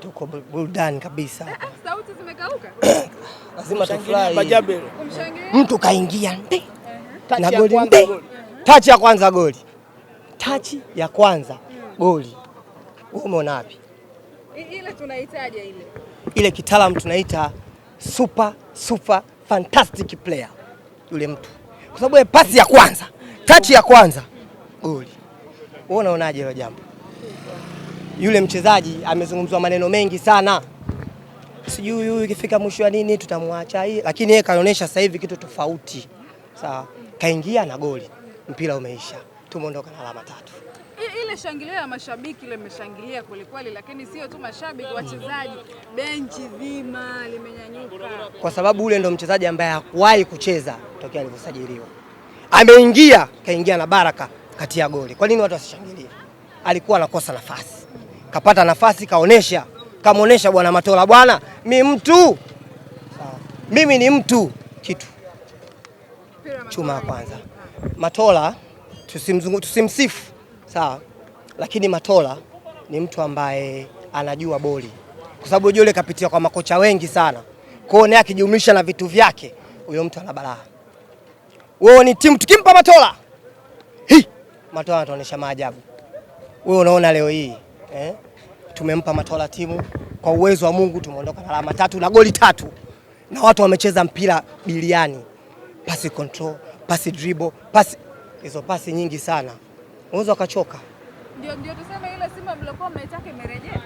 Tuko burudani kabisa. Eh, eh, sauti zimekauka. Lazima tufurahi. Mtu kaingia na goli, tachi ya kwanza goli, tachi ya kwanza goli. umeona wapi? Ile tunahitaji ile. Ile kitaalam tunaita super super fantastic player yule mtu, kwa sababu pasi ya kwanza, tachi ya kwanza goli. Wewe unaonaje hilo jambo? yule mchezaji amezungumzwa maneno mengi sana, sijui huyu ikifika mwisho wa nini tutamwacha hii, lakini yeye kaonyesha sasa hivi kitu tofauti. Sawa, kaingia na goli, mpira umeisha, tumeondoka na alama tatu. Ile shangilio ya mashabiki ile imeshangilia kwelikweli, lakini sio tu mashabiki, wachezaji, benchi zima limenyanyuka, kwa sababu ule ndo mchezaji ambaye hakuwahi kucheza tokea alivyosajiliwa. Ameingia, kaingia na baraka, kati ya goli. Kwa nini watu wasishangilie? Alikuwa anakosa nafasi kapata nafasi, kaonesha kamonesha, bwana Matola bwana, mi mtu mimi ni mtu kitu. Chuma ya kwanza Matola tusimzungu, tusimsifu sawa, lakini Matola ni mtu ambaye anajua boli, kwa sababu yule kapitia kwa makocha wengi sana. kwao hiyo naye akijumlisha na vitu vyake, huyo mtu ana balaa. Wewe ni timu tukimpa Matola, Hi! Matola anatuonesha maajabu. Wewe unaona leo hii eh, tumempa Matola timu kwa uwezo wa Mungu tumeondoka na alama tatu na goli tatu, na watu wamecheza mpira biliani, pasi control, pasi dribble, pasi hizo pasi nyingi sana, unaweza ukachoka. Ndio, ndio tuseme ile Simba mlikuwa mnaitaka imerejea.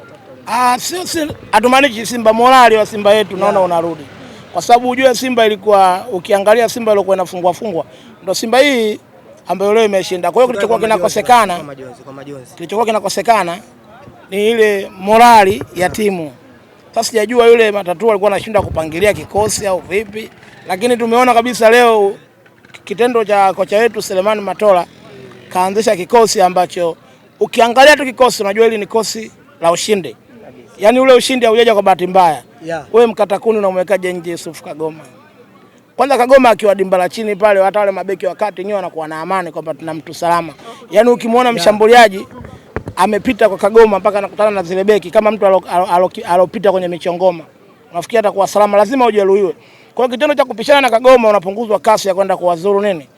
Ah, sisi hatumaanishi Simba morali wa Simba yetu yeah. Naona unarudi kwa sababu ujue Simba ilikuwa ukiangalia Simba ilikuwa inafungwa fungwa, ndio Simba hii ambayo leo imeshinda. Kwa hiyo kilichokuwa kinakosekana kilichokuwa kinakosekana ni ile morali ya timu. Sasa sijajua yule matatu alikuwa anashinda kupangilia kikosi au vipi, lakini tumeona kabisa leo kitendo cha kocha wetu Selemani Matola kaanzisha kikosi ambacho ukiangalia tu kikosi unajua hili ni kosi la ushindi. Yaani ule ushindi haujaja kwa bahati mbaya. Yeah. Wewe mkatakuni unamwekaje nje Yusuf Kagoma? Kwanza Kagoma akiwa dimba la chini pale hata wale mabeki wakati wenyewe wanakuwa na amani kwamba tuna mtu salama. Yaani ukimwona mshambuliaji amepita kwa Kagoma mpaka anakutana na zile beki kama mtu alopita alo, alo kwenye michongoma, unafikiri atakuwa salama? Lazima ujeruhiwe. Kwa hiyo kitendo cha kupishana na Kagoma unapunguzwa kasi ya kwenda kuwazuru nini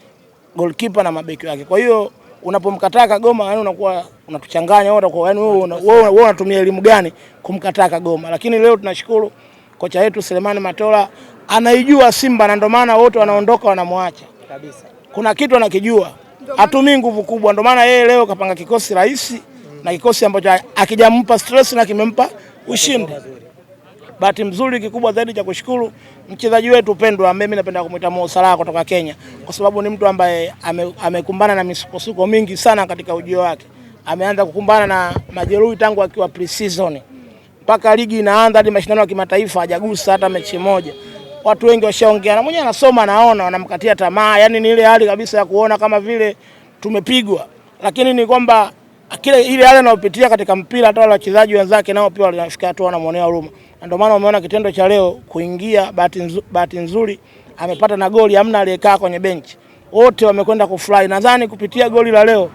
goalkeeper na mabeki wake. Kwa hiyo unapomkataa Kagoma yani unakuwa unatuchanganya wewe, yani wewe wewe unatumia elimu gani kumkataa Kagoma? Lakini leo tunashukuru kocha wetu Selemani Matola anaijua Simba na ndio maana wote wanaondoka wanamwacha kabisa. Kuna kitu anakijua, Atumii nguvu kubwa, ndio maana yeye leo kapanga kikosi rahisi na kikosi ambacho akijampa stress na kimempa ushindi. Bahati mzuri kikubwa zaidi cha kushukuru mchezaji wetu pendwa, mimi napenda kumuita Mo Salah kutoka Kenya, kwa sababu ni mtu ambaye amekumbana ame na misukosuko mingi sana katika ujio wake. Ameanza kukumbana na majeruhi tangu akiwa pre-season mpaka ligi inaanza hadi mashindano ya kimataifa hajagusa hata mechi moja. Watu wengi washaongea na mwenye anasoma naona wanamkatia tamaa, yani ni ile hali kabisa ya kuona kama vile tumepigwa, lakini ni kwamba kile ile yale anayopitia katika mpira, hata wale wachezaji wenzake nao pia walifika hatua wanamwonea huruma, na ndio maana umeona kitendo cha leo kuingia. Bahati nzuri amepata na goli, hamna aliyekaa kwenye benchi, wote wamekwenda kufurahi. Nadhani kupitia goli la leo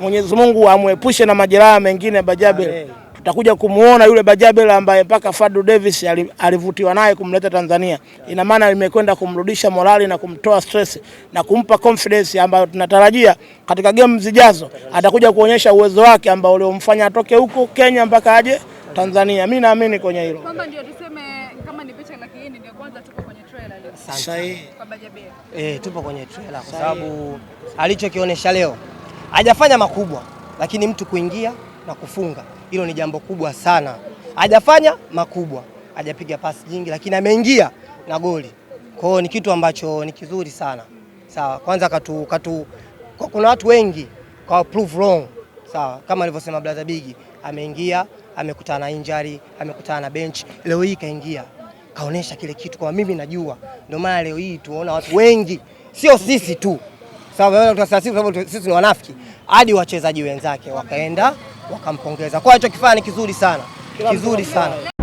Mwenyezi Mungu amwepushe na majeraha mengine bajabe utakuja kumuona yule Bajabela ambaye mpaka Fadlu Davis alivutiwa naye kumleta Tanzania. Ina maana imekwenda kumrudisha morali na kumtoa stress na kumpa confidence ambayo tunatarajia katika game zijazo atakuja kuonyesha uwezo wake ambao uliomfanya atoke huko Kenya mpaka aje Tanzania. Mimi naamini kwenye hilo. Kwamba leo. Eh, tupo kwenye trailer kwa sababu alichokionyesha leo hajafanya makubwa lakini mtu kuingia na kufunga. Hilo ni jambo kubwa sana. Hajafanya makubwa, hajapiga pasi nyingi, lakini ameingia na goli. Kwa hiyo ni kitu ambacho ni kizuri sana. Sawa, kwanza katu, katu, kwa kuna watu wengi kwa prove wrong. Sawa, kama alivyosema Brother Bigi, ameingia, amekutana na injury, amekutana na bench. Leo hii kaingia, kaonesha kile kitu kwa mimi najua. Ndio maana leo hii tuona watu wengi, sio sisi tu. Sawa, sisi kwa sababu sisi ni wanafiki, hadi wachezaji wenzake wakaenda wakampongeza. Kwa hicho kifaa ni kizuri sana, kizuri sana.